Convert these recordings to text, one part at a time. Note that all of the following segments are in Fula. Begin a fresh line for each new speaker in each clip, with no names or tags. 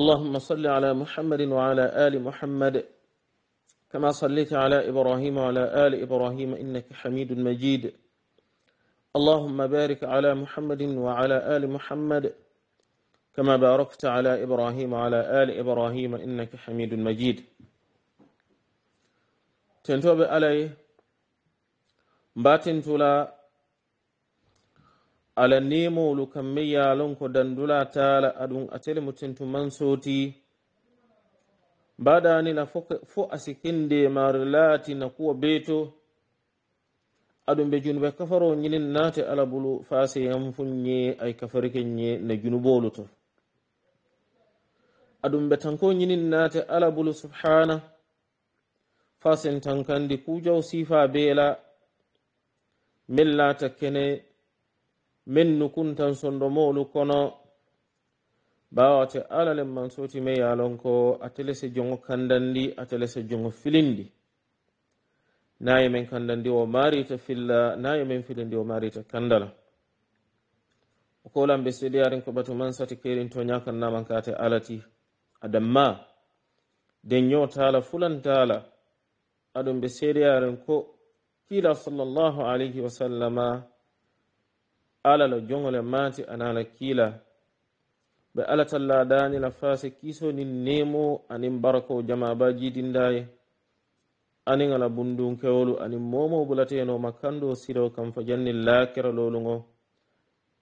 اللهم صل على محمد وعلى آل محمد كما صليت على إبراهيم وعلى آل إبراهيم إنك حميد مجيد اللهم بارك على محمد وعلى آل محمد كما باركت على إبراهيم وعلى آل إبراهيم إنك حميد مجيد تنتوب عليه باتن تلا alal ni molu kamme yalon ko dandula tala aɗum atele mutentu man soti mbaɗanila fo asikinde mare laati na kuwa beto aɗum ɓe junuɓe kafaro ñinin naate alabulu fase yam funñe ay kafarikeñe na junuboolu to aɗum ɓe tan ko ñinin naate alabulu subhana fasen tan kandi kujaw sifa beela min laata kene min nu kuntan sondo molu kono bawate alalen man soti me yalon ko atelese jongo kandandi atelese jongo filindi nayi men kandandi o marita filla nayi men filindi o marita kandala o kolan be seedi arin ko ɓato man sati kerin to ñakannaman kate alati adamma denño tala fulantala aɗum ɓe seedi arin ko kila sallllahu alayhi wa sallama ala la joŋole maati ana la kiila ɓe alatalla daani la faase kiiso nin neemo aniŋ barako jamaaba jiidindaye aniŋ ala bundunkewolu aniŋ moomo bulateeno ma kando siro kam fa janni laakeraloolu ŋo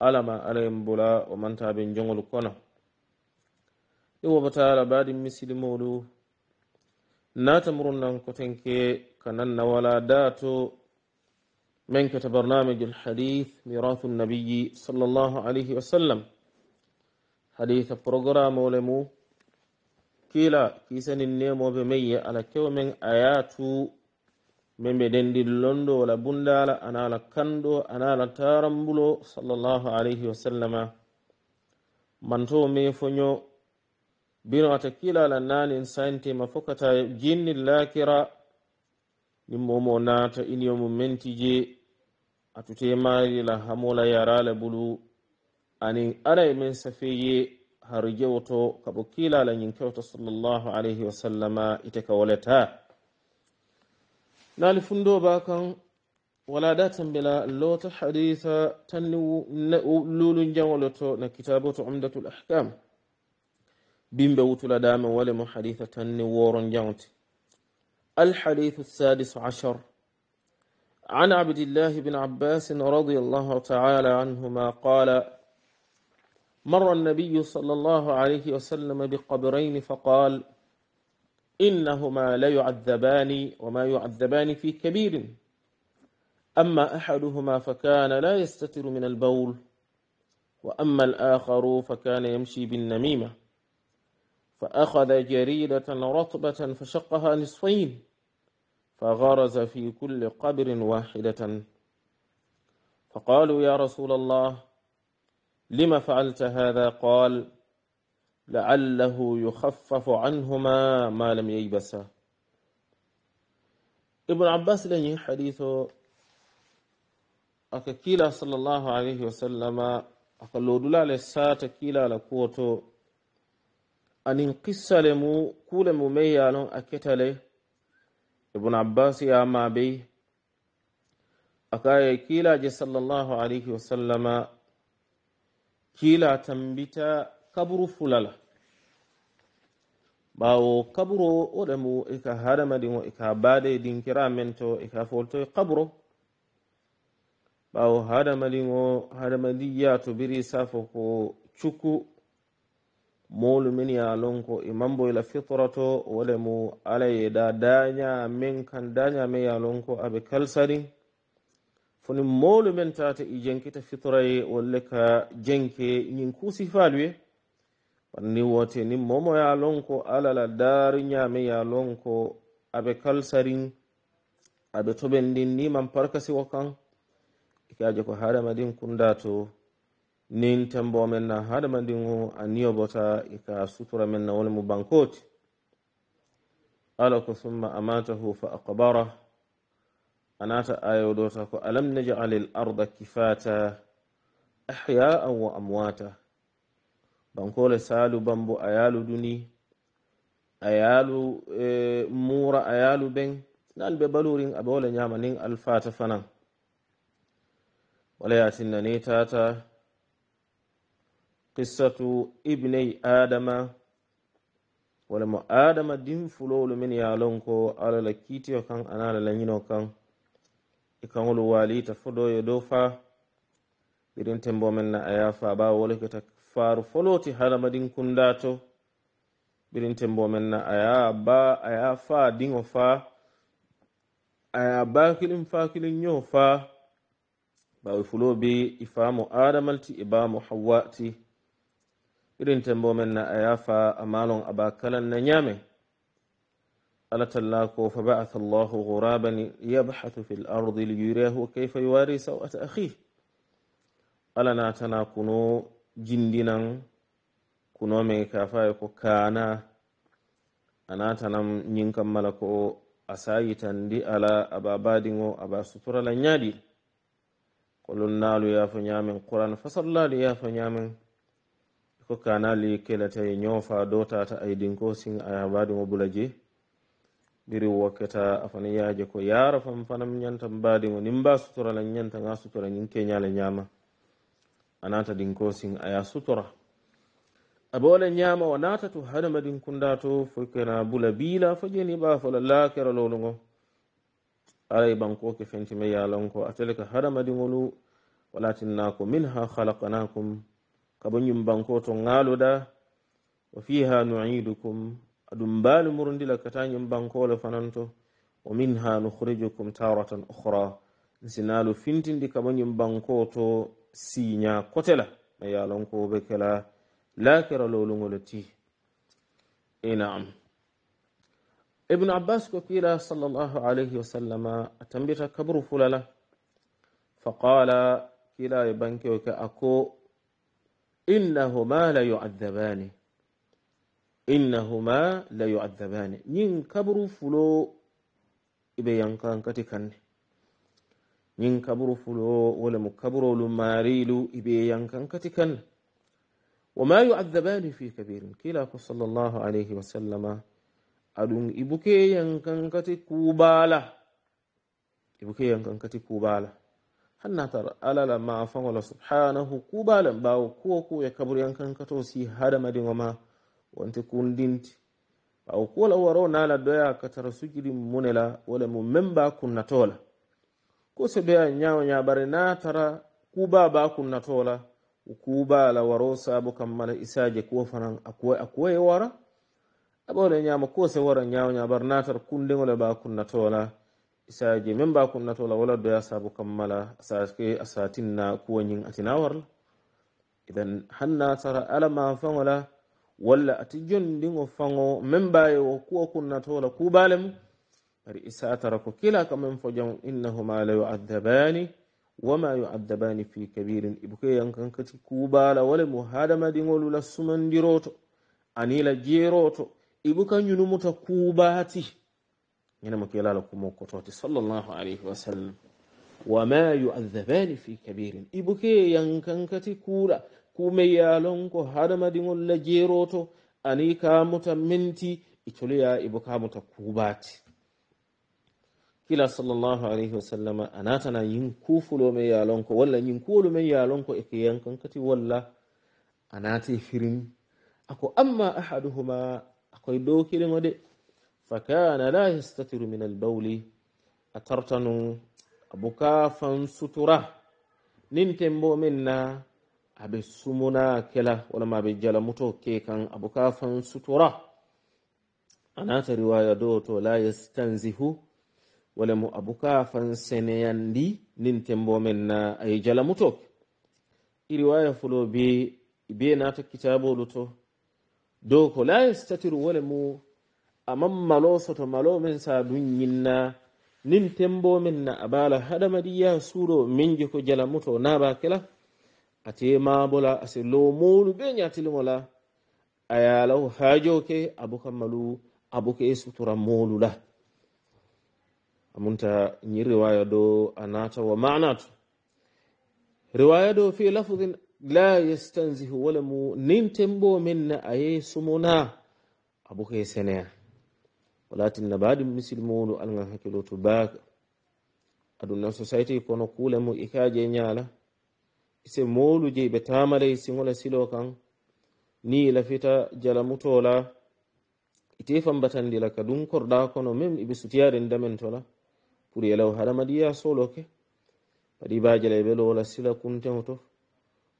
ala ma alayen bula o mantaaben joŋolu kono i wobataala baadin misilimoolu naata murunnan koten ke ka nan nawala daa to من كت برنامج الحديث ميراث النبي صلى الله عليه وسلم حديث برograم ولمو كيلا كيسن النيموب مي على كو من آيات من بدندي لوندو ولا بندالا أنا على كندو أنا على تارمبلو صلى الله عليه وسلم من تو مي فنيو بينو أتكيلا لنان إنسانتي ما فكتا جن اللاكرة نمومو نات إنيوم منتجي a atute marila hamola la bulu anin alay men safeye har jewto kaɓo kilala ñin kewto sallllahu alayhi wa sallama ita ka woleta naali ba kan wala da tambila lota haditha ta lulun jan walato na kitabo ta umdatul ahkam wutu la dama wale mu haditha ta ni woron al hadithu sadis ashar عن عبد الله بن عباس رضي الله تعالى عنهما قال مر النبي صلى الله عليه وسلم بقبرين فقال إنهما ليعذبان وما يعذبان في كبير أما أحدهما فكان لا يستتر من البول وأما الآخر فكان يمشي بالنميمة فأخذ جريدة رطبة فشقها نصفين فغرز في كل قبر واحدة فقالوا يا رسول الله لما فعلت هذا قال لعله يخفف عنهما ما لم ييبسا ابن عباس لن حديث أكاكيلا صلى الله عليه وسلم أقلو دولا لسات كيلا لكوتو أن انقسلمو كولمو ميالون أكتلي ibn abbas ya ma bai akaya kila je sallallahu alaihi wasallama kila tambita kaburu fulala ɓawo kaburo oɗemo ika hadamadin o ika baade din kiramen to ika foltoye kaburo ɓawo hadamadin o hadamadiya to biri safo ko cukku molumini ya lonko imambo ila fitrato wole mu alaye da daña min kan dañame ya lonko aɓe kalsari foni molu men tata i jenkita fitraye wolle ka jenke ñin kusifaluye banni wote ni momo ya lonko alala daari ñame ya lonko aɓe kalsarin aɓe toɓen ndin niman parkasiwo kan ikaje ko haɗamaɗin kunda to nin tambo men na hadamandin o aniyo bota ika sutura men na wala mu bankoti alako summa amatahu fa aqbara anata ayo dota ko alam naj'al al arda kifata ahya'an wa amwata bankole salu bambu ayalu duni ayalu e, mura ayalu ben nan be balurin abola nyama nin alfata fanan wala yatinna ne tata qissatu ibney adama walla mo adama din fulowolu min ya lon ko alah la kiitiyo kan ana la lañino kan i e kanŋolu walita fodoyo dow fa birin tembo men na a ya fa ɓa wolokita faaru foloti hadamadin kundato birin tembo men na aya ba aya fa dino fa aya bakilin fakilin yo fa bawi fulo be i faamo adamalti i bamo hawwa ti irin tambo men na a yafa malon abakalan na nyame alla talla ko fabaath allahu guraban yabhathu fi lardi liyuriyahu kayfa yuwari sawata akhih ala natana kuno jindinan kunome kafaye ko kana anatanam ñinkam mala ko asayitandi ala aba badiŋo aba sutura la ñaaɗi ko lunnaalu yaafo ñaamen quran fa sallaali yaafo ñaamen ko kanali kela tawi ñoofa ta ay dinko sin a baadimo mo je biri woketa afani yaaje ko yaara fam fanam mo nimba sutura la nyanta nga sutura nyin ñin keñale ñaama anata dinko sin aya sutura aɓa tu ñaama o naata to hadama din kunda to fokena bula biila fo jeni ɓa ay laakera lowlugo alay bankoke yalon ko atelika hada madin wala tinna ko min ha kabo yumbanko to ngaaluɗa o fiha nuidukum aɗum mbaalu murdila kata yumbankole fananto o minha nukhrijukum taratan ukhra sinalu fintindi kabo yumbanko to siña kotela ma yalonkoɓe kela lakira lolugole ti inam eh, ibnu abbas ko kiila sall llahu alayhi wa sallama a tambita kabru fulala fa qala kiila e banke o ke ako إنهما ليعذبان إنهما ليعذبان نين كبر فلو إبي ينكان كتكن نين كبر فلو ولم كبر لماريل إبي ينكان كتكن وما يعذبان في كبير كلا صلى الله عليه وسلم أدون إبكي ينكان كتكوبالا إبكي ينكان كتكوبالا hannatar alala ma wala subhanahu ku balan bawo kuwa ko ya kabur yankan kato si hada madin wama wanti kundint bawo kuwa waro na la doya su sugiri munela wala mu memba kunna tola ko se doya nyawo nyabare na tara ku ba ba kunna tola ku ba la waro sabu kammala isaje kuwa fanan akwai akwai wara abawle nyama ko se wara nyawo nyabar natar kundengola ba kunna natola. isaje min ba kunna tola wala do ya sabu kammala sake asatinna kuwanyin atinawar idan hanna tara alama fangola walla ati dingo fango min ba ya wa kuwa kunna tola kubalem bari isa tara ko kila kamen fajan jam huma la yu'addabani wama yu'addabani fi kabirin ibuke yankan wale mu wala dingo lula la sumandiroto anila jeroto ibuka ba kubati ñanemo keelaala ko moo kotoote sallllahu alayhi wa sallam wa ma yuadabani fi kabirin ibuke yankankati kuuɗa kumeyaalon ko haɗamaɗiŋol la jeeroto ani kaamuta menti e coloya ibo kaamuta kuubaate kila sallllahu alayhi wa sallam anaatana yin kuufuloome yaalonko walla yin kuwolumen yaalonko e ko yankankati walla anaate firin ako amma ahaduhuma akoye dow kiliŋo de fakana la yastatiru min albawli atartanu abukafan sutura nin tembo min na aɓe sumuna kela walama aɓe jalamuto ke kan abukafan sutura anata riwaya do to la yastanzihu walamo abukafan seneyandi nin tembo min na aye jalamuto i riwaya fulo be be nata kitabolu to do ko la yastatiru walemo aman malo soto malo men sa ɗum yinna nin tembomen na abala haɗamaɗiya suuɗo min je ko jalamuto naɓa kela ate mabola ase low molu ɓe ñatilimola a yalaw hajoke abuka malu abuke sutura molula amunta ñi riwaya do a nata wa manato riwaya do fi lafdin la yestanzihu wala mu nin tembomen na aye sumona abuke senea o latinna baɗi misilmuɗu alga hakkilo to baka aduna society kono kuule mu ikaje ñaala ise molu jeyi ɓe tamaley siola silo kan ni lafita jala mutola ite fambatandila ka ɗum korɗa kono mem iɓe sutiyaren damentola pour yelaw haɗa madiya soloke baɗi bajala ɓe lola sila kunteo to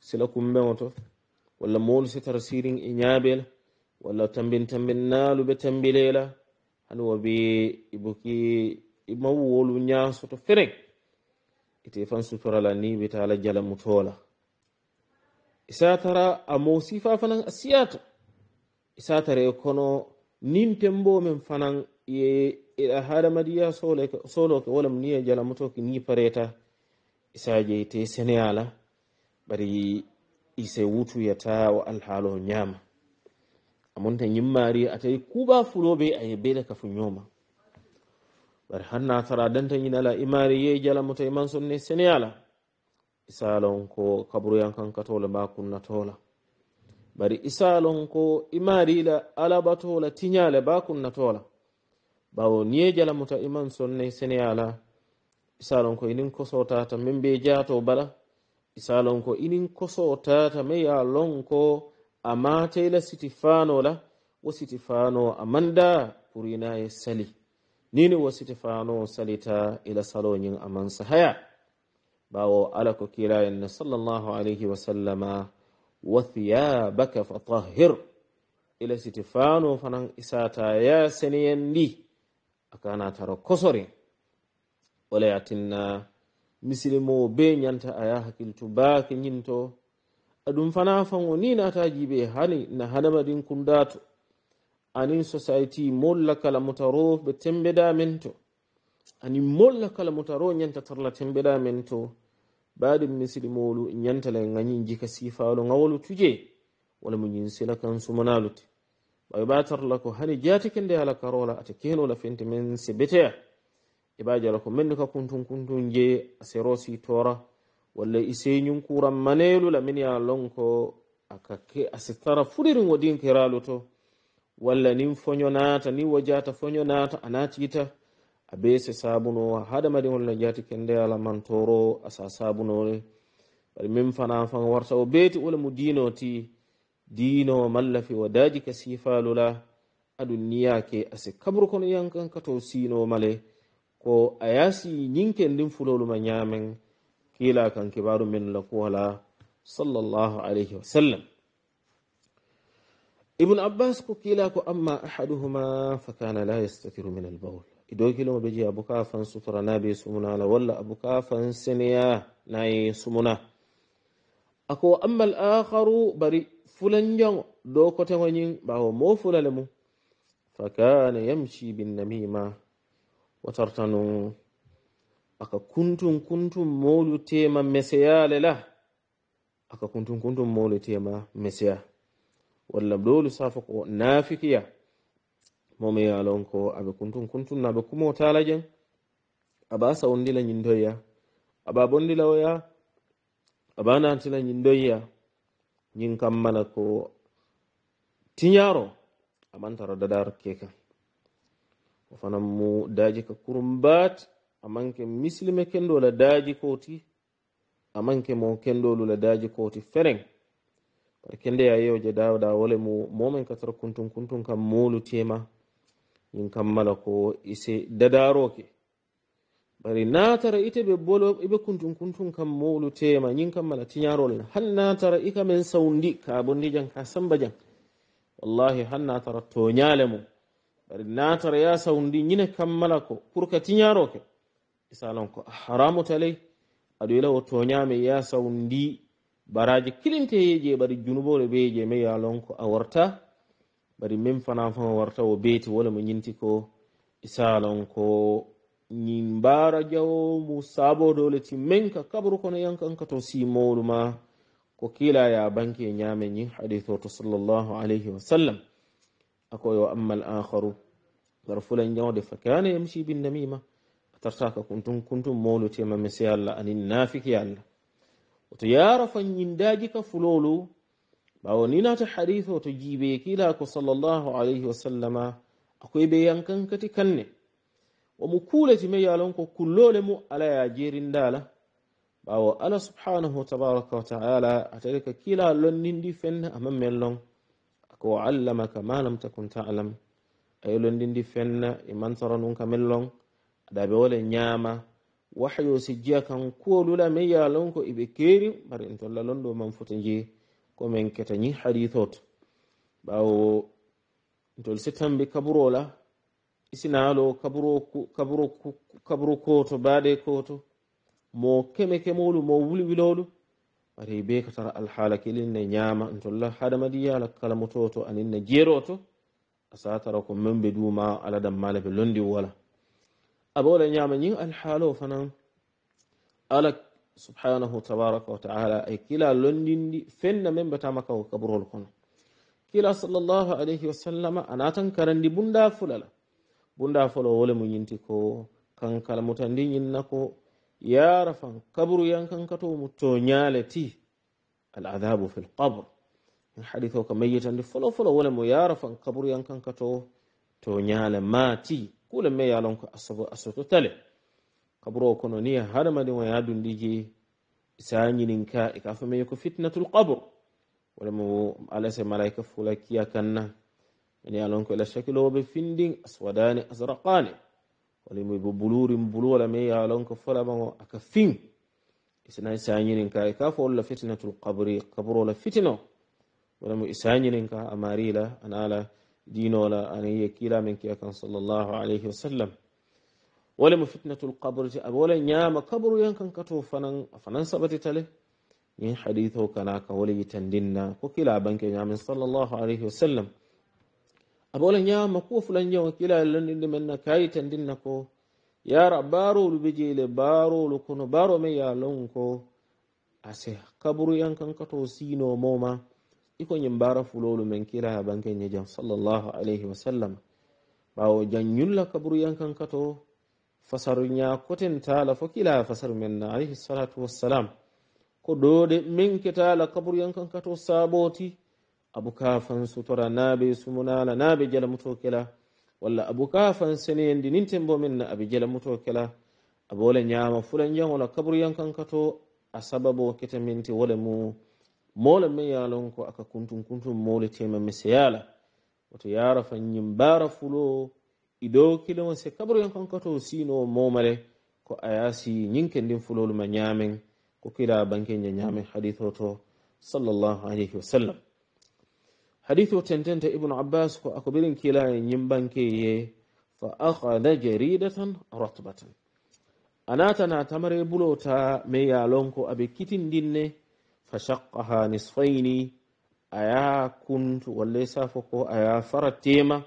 sila kumbeo to walla molu setara sirin e ñaabela walla tambin tambin naaluɓe tambilela hani wobe iboki imawuwolu ñasoto fereg ite fan sutorala ni ɓe taala jalamutola isatara amo sifa fanan a siyata isatara e kono nin tembo men fanan eɗa hadamadiya soloke walam niya jalamutoke ni pareta isaje te seneala bari ise wutuyata wa alhaalo ñama amonta yimmari atay kuuba fuloɓe aye beyda ka fu ñooma bare har nasara danta ñinala imari ye jalamuta iman e sonne seneyala isalon ko kaburuyan kankatola mba kunnatola bari isalon ko imarila alabatola tiñale ba kunnatola bawo niye jalamuta iman e sonne seneyala isalon ko inin kosotata min be jato bala isalon ko inin kosotata mi ya lon ko amate ila sitifanola wo sitifano amanda furina ya sali Ni ne wa sitifano salita ila saloñin aman sahaya bawo ala ko na "Sallallahu alayhi wa sallama wa baka fatahir ila sitifano fanan ta ya a kana tara kosore wala yatinna misilimo be a aya hakkiltu baake yinto ɗum fana fan o ni nataajiɓe hani na hanama ɗin kundato anin society molla kala motaro ɓe tembeɗamen to ani molla kala motaro ñanta tarla tembeɗamen to baɗum misilimolu ñantala en añi jika sifalo gawolu tuje wala mo ñinsila kan sumanalute ɓawi ɓa tarla ko hani jatike nde ala karola ata kenola fente men se beteya e ɓa jala ko menni ka kuntun kuntun je a sero si tora walla iseñum kuran manelu lamin ya lonko akake asitara fuɗirin waɗin kiralu to walla nin foño nata ni wajata foño nata anatita abese sabuno hadamadi walla jati kende alamantoro asa sabunore bari min fana fan warta o beti wala mu dino ti dino mallafi wa daji ka sifalula aɗum niyake asi kabru kono yankan kato sino male ko a yasi ñinke ndin fulolu ma ñamen kila kan kibaru min la kuwala sallallahu alayhi wa sallam ibnu abbas ko kila ko amma ahaduhuma fa kana la yastatiru min albawl idokiloma ɓe jeeyi abuka fan sutora nabi sumunala walla abuka fan seneya nayi sumuna ako amma l akharu bari fulanjago dow koteŋo ñin ɓawo mo fulale mum fa kana yamshi binnamima wa tartanu aka kuntum kuntum molu tema meseyale la aka kuntum kuntum molu tema meseya walla ɗolu safo ko nafikiya momi yalon ko aɓe kuntum kuntum naɓe kumo tala jen aɓa sawndila yindoya aɓa bondila oya aɓa natila yindoya yin kammala ko tiyaro amantara dadar keka o fanan mu daji ka kurum bat amanke misilime kendola daji koti amanke mo kendolula daji koti fereng par kende ya yewje dawda wole mu momen katara kuntum kuntum kam molutiema yin kammala ko ise dadaroke bari natara ite ɓe bolo ɓe kuntum kuntum kam molu tema yin kammala tiñarol ne han natara ikamen sawndi ka bondi jang ka samba jang wallahi han natara toñale mum bari natara ya sawndi ñine kammala ko pour que tiñaroke isalanku haramu haramu a dole wato nya mai ya saundi baraji ya je junubo da bai je mai yalon a warta bari min fana fana warta wa beti wala mun ñinti ko isalanku nin bara jawo mu sabo sabodole min ka kabaru kono yankanka to simolu ma ko kila ya banke mai yin hadithu to sallallahu alaihi wa sallam wa amma al akharu gar fulan jawde fa kana bin namima tartaka kuntum kuntum molutema min si allah anin nafiki allah oto yara fanyindaji ka fulolu ɓawo ninata hadith oto jiibe kilako sallllahu alayhi wasallama akoyɓe yankan kati kanne omo kuuletime yalonko kullole mo ala ya jerindala ɓawo allah subhanahu tabaraka wa taala atari ka kila londindi fenna ama mellon ako allamaka malam takun talam ta ayi londindi fenna e mantara nun ka mellong ada ɓe wole ñaama wahyo si jiya kan kuwolula min yalon ko iɓe keeri bar en tolla lonɗo man fota je ko min ketañi hadithot ɓawo tol sitambi kaburola isinalo kaburo koto baɗe koto mo keme kemolu mo wulwilolu bare be katara alhala kelinne ñaama tolla hadamadi yala kala mo toto aninne jeero to asa tara ko membe duma aladammalaɓe londi wala voilà. أبولا نعمنين الحالو فنا ألك سبحانه تبارك وتعالى أي كلا لندن فن من بتامك وكبره لكم كلا صلى الله عليه وسلم أنا تنكرن دي بندا فلالا بندا فلو ولم ينتكو كان كلمتندين إنكو يا رفا كبر ينكن كتو متونيالتي العذاب في القبر حديثه كميتا فلو فلو ولم يا رفا كبر ينكن كتو تونيال ماتي kule me yalon ko asabo asoto tale kaburo kono ni waya dun dije diji nin ka e ka fami ko fitnatul qabr wala mo alase malaika fula kiya kanna ni yalon ko ila be finding aswadani azraqani wala mo bo buluri mbulu wala me yalon ko folamago aka fin isna nin ka e ka fo la fitnatul qabri la fitino wala mo isa ñininka amarila anala dinola anan ye kilamen ke kan sallallahu alaihi wa sallam walemo fitnatul kabrti aɓe wala ñaama kabru yan kan kato fanan fanan saɓatitale ñin hadith o kana ka wala yitandinna ko kila banke ñamen sallallahu alaihi wa sallam aɓe ma ñaama kuwo fulanjawa kila landinde men na ka yitandinna ko yara baarolu ɓe jeele baarolu kono baaro men ya lon ko ase kabru yan kan kato sino moma iko ñin mbara fulolu men kila banke ñe jam sallallahu alayhi wa sallam ɓawo jan ñulla kaburuyan kan kato fasaru ña koten tala fo kila fasaru men na alayhi salatu wassalam ko ɗoɗe min ke tala kaburuyan kan kato saboti abukafan sutora naɓe sumunala naɓe jalamuto kela walla abukafan seneyendi ninten bo min na aɓe jalamuto kela abole ñama fulan jan wala kaburuyan kan kato a sababo kete minte wole mu moolal ma yaalon ko aka kuntum kuntum moolitema mi seyaala woto yaara fa ñim baara fuloo i dow kilewo se kabaroyon kankato siinoo moomale ko a yaasi ñinke ndin fulolu ma ñaamen ko kila bankeje ñaamen hadith o to sallllahu alayhi wa sallam hadith o tententa ibnu abbas ko ako birin kila e ñim banke ye fa akada jaridatan ratbatan anaatana tamare bulo ta me yaalon ko aɓe kitindinne فشقها نصفين aya كنت وليس safa ko فرتيما faratema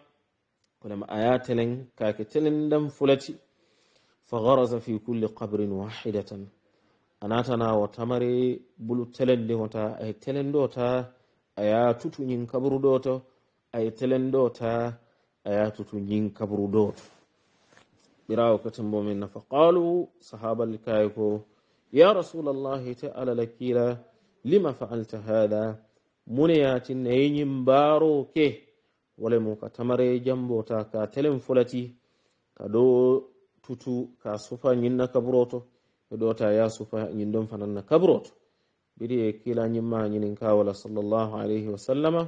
ولما آياتلن كاكتلن دم فلتي فغرز في كل قبر واحدة أنا تنا وتمري بلو تلن دي أي تلن دوتا أيا تتنين كبر دوتا أي تلن دوتا أيا تتنين كبر دوتا براو كتنبو من فقالوا صحابة لكايكو يا رسول الله تعالى لكيلا lima faalta hada muneyati neyñin mbaaro ke wala mo ka tamare jambota ka telen fulati ka ɗo tutu ka sufa ñinna kaburoto eɗota ya sufa ñin ɗon fananna kaburoto biri e kilañimma ñinin ka wala salllahu alayhi wa sallama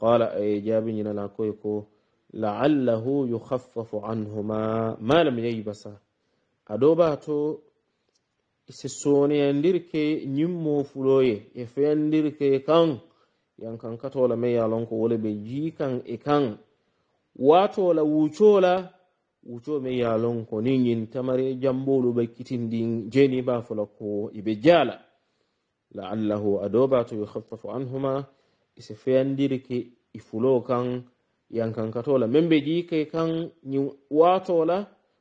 qala e jaabiñinala koye ko laallahu yukhaffafu anhuma ma lam yeyibasa aɗoɓa to se sooneyanndirke ñim moofuloye e feyanndirke e kan yan kan katola me yalon ko wole ɓe jiikan e kan waatola wucola wuco me yalon ko ni ñin tamari e jamboolu ɓe kitindi jeni baafola ko iɓe jaala laallahu adoba to yuhaffafu anhuma ise e feyanndirke i e fulo kan yankan katola men ɓe jiike kan ñin waatola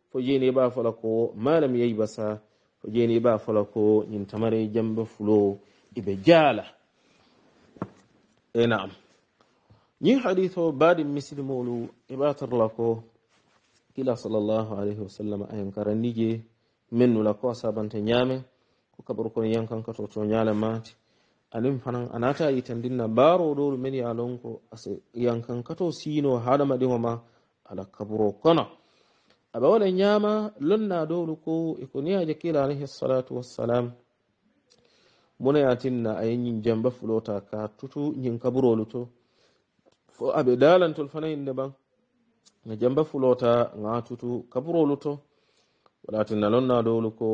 fo jeni baafola ko malam yeybasa ko jeeni ba fola ko ñin tamare jambe fuloo iɓe jaala e naam ñin hadiseo baɗi misilmolu iɓatarla ko kila salllahu alayhi wasallam ayen karandije mennula ko sabante ñaame ko kabaru kono yankankato to ñaala maati alim fanan anata yitandinna baaro ɗolu men ya lon ko as yankankato siino haɗama ɗimo ma ala kaburo kono aɓe waɗa ñaama lonna dowru ko e ko niyaji kila alayhi salatu wassalam munayatinna a yeñin jamba fulota ka tutu ñin kaburolu to fo aɓe dalantol fanayinde ɓan a jamba fulota ga tutu kaburolu to walatinna lonna dowlu ko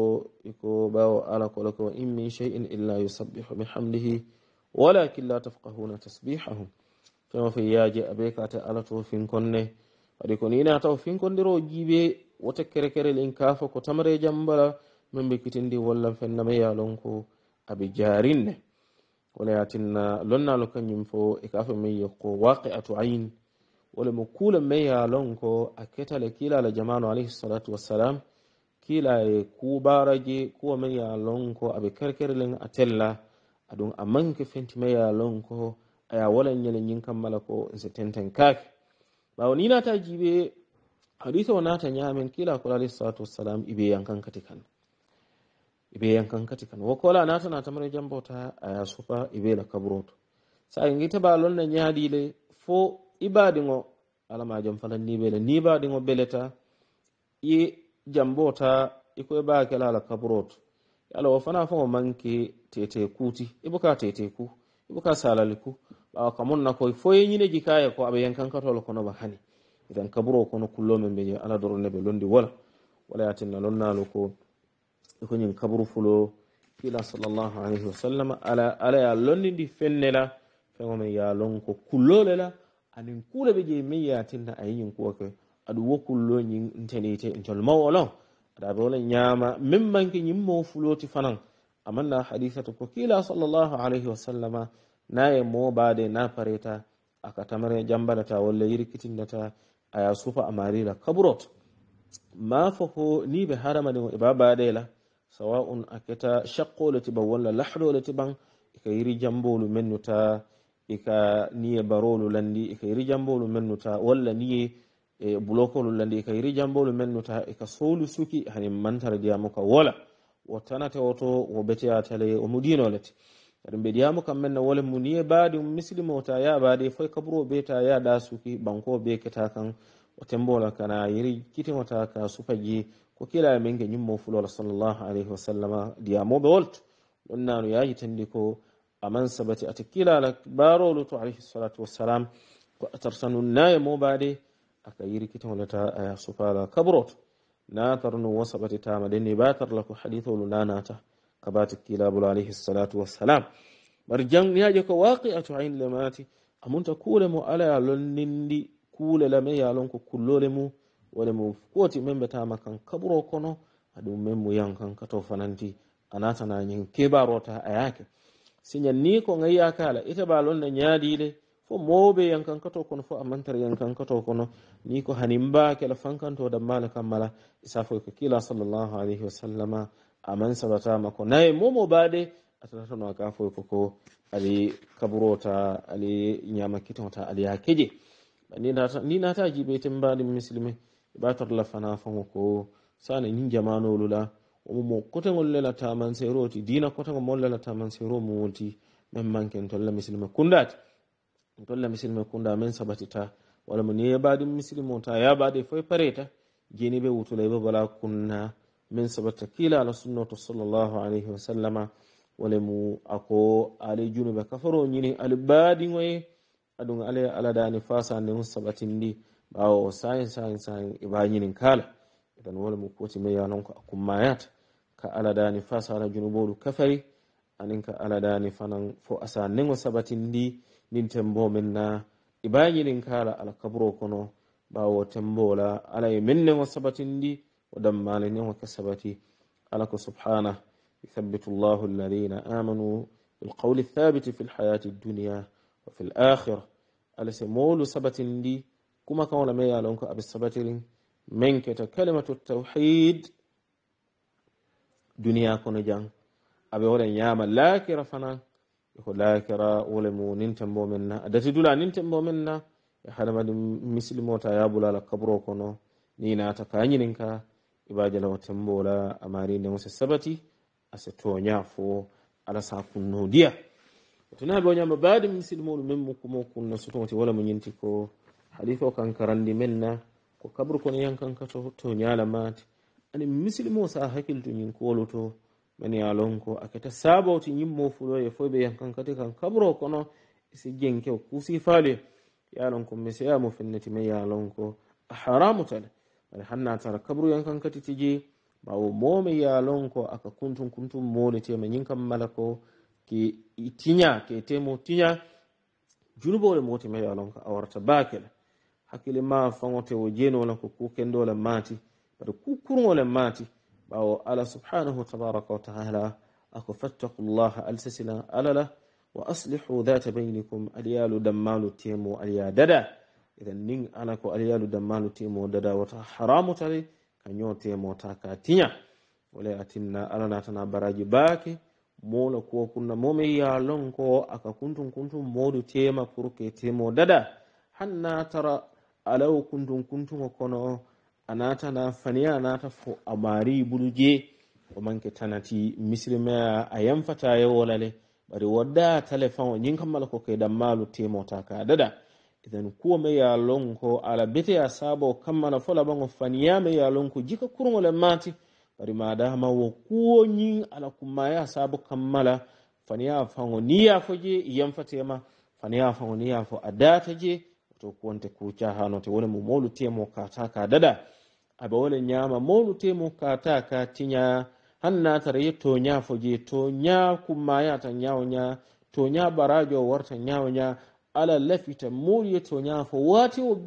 iko e ɓawo ala kola ko in min shay'in illa yusabbihu bihamdihi walakin la tafkahuna tasbihahum fema fe yaaji aɓe kate ala to fin konne aɗi ko nina taw finkodiro jiiɓe wota kerekerel in kafa ko tamre jambala min bikkitindi wallan fennama yalonko aɓe jarinne wala yatinna lonnalo kañum fo e kafa min yokko waqiatu ayn wala mo kuula me yalonko a ketale kiilala jamanu alayhisalatu wassalam kiila e kubaraji kuwa me yalonko aɓe kerekerelen a tella aɗum a manke fenti me yalonko aya wala ñale ñin kammala ko se tenten kaake ɓawo ni nata jiɓe hadisa o nata ñamen kila kola alayhi salatu wassalam iɓe yankan kati kan iɓe yankan kati kan wokola natana tamre jambota aya sufa iɓela kabroto sa gitaba lonna ñaaɗile fo ibaɗio alamajom falaniɓele nibaɗio ɓeleta i jambota iko ɓakelala kabroto alao fana fo o manke tete kuti ibuka tete ku ibuka salaliku ɓawa ka monna koye fo yeñineji kaye ko aɓa yenkankatolo kono ba hani itan kaburo kono kullomen ɓe ñe aladorone ɓe londi wala wala yatinna lonnalo ko ikoñin e kaburu fulo fila salllahu alayhi wa sallam ala ala ya lonnidi fennela fegomen ya lon ko kullole la anin kuule ɓe jee min yatinna ayiñin kuwake aɗum wo kullo ñin ntenite ntol mawo lon aɗaɓe wala ñama min manke ñin mo fuloti fanan amanna hadisato ko kiila sallllahu alayhi wasallama naye mobade na e pareta aka tamare jambanata walla yirkitinnata aya sufa amarila kaburot mafoho nibe haramani o eba baɗela sawa'un aketa shakkole tiban walla lahɗole tiban eka yiri jambolu mennuta eka niye barolu landi eka yiri jambolu mennuta walla niye e blokolu landi eka yiri jambolu mennuta eka solu suki hani mantara diyamuka wola wottanate oto wo beteyatale omo ɗinolete aɗum ɓeɗiyama kammen no wala mu niye baadi misilima o ta yaɓaade foye kaburo bai ta yaɗa suki banko be keta kan o tembola kana yeri kitimota ka supaji ko kila men ge ñimmo fulola sallllahu alayhi wa sallama diyamoɓe wolto ɗon nano yaji tandi ko aman sabati ata kilala Baro to alayhi salatu wassalam ko atartanu naye moɓade aka yiri kitimolata aya supala fara kaburotu. Na natar nu wasabati tamadin ne tarla laku hadithu ba ta kila bula alaihi salatu wassalam marjan ya je ko waqi'atu ayn lamati amunta kula mu ala lonnindi kule lame yalon ku kullole mu wala mu koti membe tama kan kaburo kono a men mu yankan kato fananti a yin kebarota a yake. siñan ni ko gayi ita balon ya ñaadile fo mowoɓe yankankato kono fo a mantere yankankato kono ni ko hani mbakela fankanto dammala kam e mala isafoy ko kila sallllahu alayhi wa sallama aman saɗatama ko nayi momo baɗe atatano a gafoy koko ali kaburota ali ñama kitota aliya keje ni nata jiɓe tem mbaɗi muslimi ɓa torla fana fango ko sane ni jamanolula omomo kotegol lelatamanseroti dina kotego mon lelatamanseromo wonti men manken tolla muslimi kundati tolla misilme kunda men sabatita mun mo niye baɗum misilimo ta yabaɗe foye pareta gini be wutula ɓe bala kunna min sabata kila ala sunnatu sallallahu alaihi wa sallama wala mu ako junu junuɓe kafaro badi ala adun aɗum ala fasa fasande on sabatindi ba o sai sai sai ibani ñinin kala idan wala mu koti me yanon ko akummayata ka aladani junu junuboɗu kafari anin ka aladani fanan fo asa nego sabatindi nin tembo minna na nin kala ala kabro kono bawo tembola ala e men nen o sabatindi o dammale nen o ka ala ko subhanah يثبت الله الذين آمنوا بالقول الثابت في الحياة الدنيا وفي الآخرة على سمول سبت لي كما كان لما يعلنك أبي السبت منك كلمة التوحيد دنيا كون جان أبي ولا ياما لا كرفنا ko lakira wolemu nin tembo men na a dati dula nin tembo men na e hadamadi misilimota yabulala kabro kono ni nata ka ñinin ka ibajalawo e tembola amari ndeose sabati asa toña fo ala sa kunno diya tonaɓe oñama baadi misilimolu men mu kumo kunno sototi wala mu ñinti ko halifa o kankarandi men na ko kabru kono yankankato to ñalamati ani misilimo sa hakkiltu ñin kowoluto men ya akata akete sabawti yimmo fulo fof ɓe yan kan kadi kan kabro kono si jenke o kuusifaali ya lon ko misiyamo fenneti men ya lon ko haramu tale wala hanna tara kabru yan kan kadi tigi ɓawo momi ya lon ko aka kuntum kuntum molitema yin kam mala ko ke tiña ke temo tiña junubole motime ya lon ko a warta bakele hakkille ma faŋote wo jeenola ko kukendola maati bata kukurŋole mati bawo ala subhanahu wa tabaraka wa ta'ala ako fattakullaha alsasila alala wa aslihu dhata bainakum alyalu dammalu temo alya dada idan nin ala ko alyalu dammalu temo dada wata haramu tare kanyo temo takatinya wala atinna alana tana baraji baki mola ko kunna mome ya lonko aka kuntun kuntun modu tema kurke temo dada hanna tara alaw kuntun kuntun kono a nata na faniya a nata fo a mari buluje o manke tanati misri maya a yamfata yewolale ɓari wadda téléphone o ñin kammala ko kay dammalu temota ka dada ethen kuwome yalon ko ala bete a sabo kammala fo laɓango faniyama yalon ko jika kurgole mati ɓari madama wo kuwo ñin ala kummaya sabo kammala faniya fango niya fo je yamfatema faniya fango niya fo a data je oto kuwonte kucahanote wone mo molu temo kata ka dada abawole nyama molu temu kata ka to nya ye toña foje nya kummayata to nya barajo warta ñawoña ala lafita molu to nya fo wati o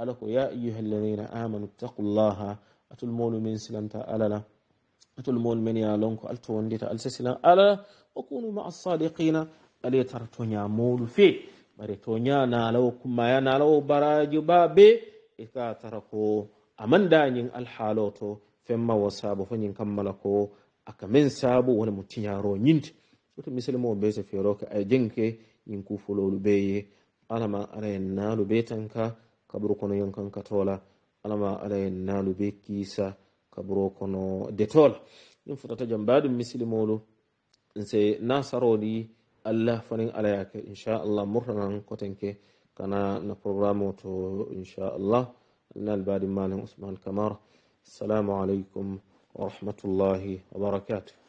ala ko ya ayuha alladina amanu taqullaha atul mulu min silanta alala atul mulu min ya lonko alto wondita ta silan ala wa kunu maa sadiqina ala tar tara nya mulu fi bare to nya na kummaya kuma ya ba be barajo babe e tara ko aman da ñin alhaalo to femmawo saabu fo ñin kammala ko aka men saabu wona mo tiñaaro ñinte oto misilima o mbeyta eh, feeroke ay jengke ñin kufolowlu ɓeye alama ala en naalu be tanka kaburu kono yon kanka toola alama ala en naalu be kiisa kaburo kono de toola ɗin fotata jam mbaɗum misilimolu se na saroɗi allah fanin alayake inchallah murtanan kotenke kana na programme o to inchallah أن البادي مالهم عثمان كمار السلام عليكم ورحمة الله وبركاته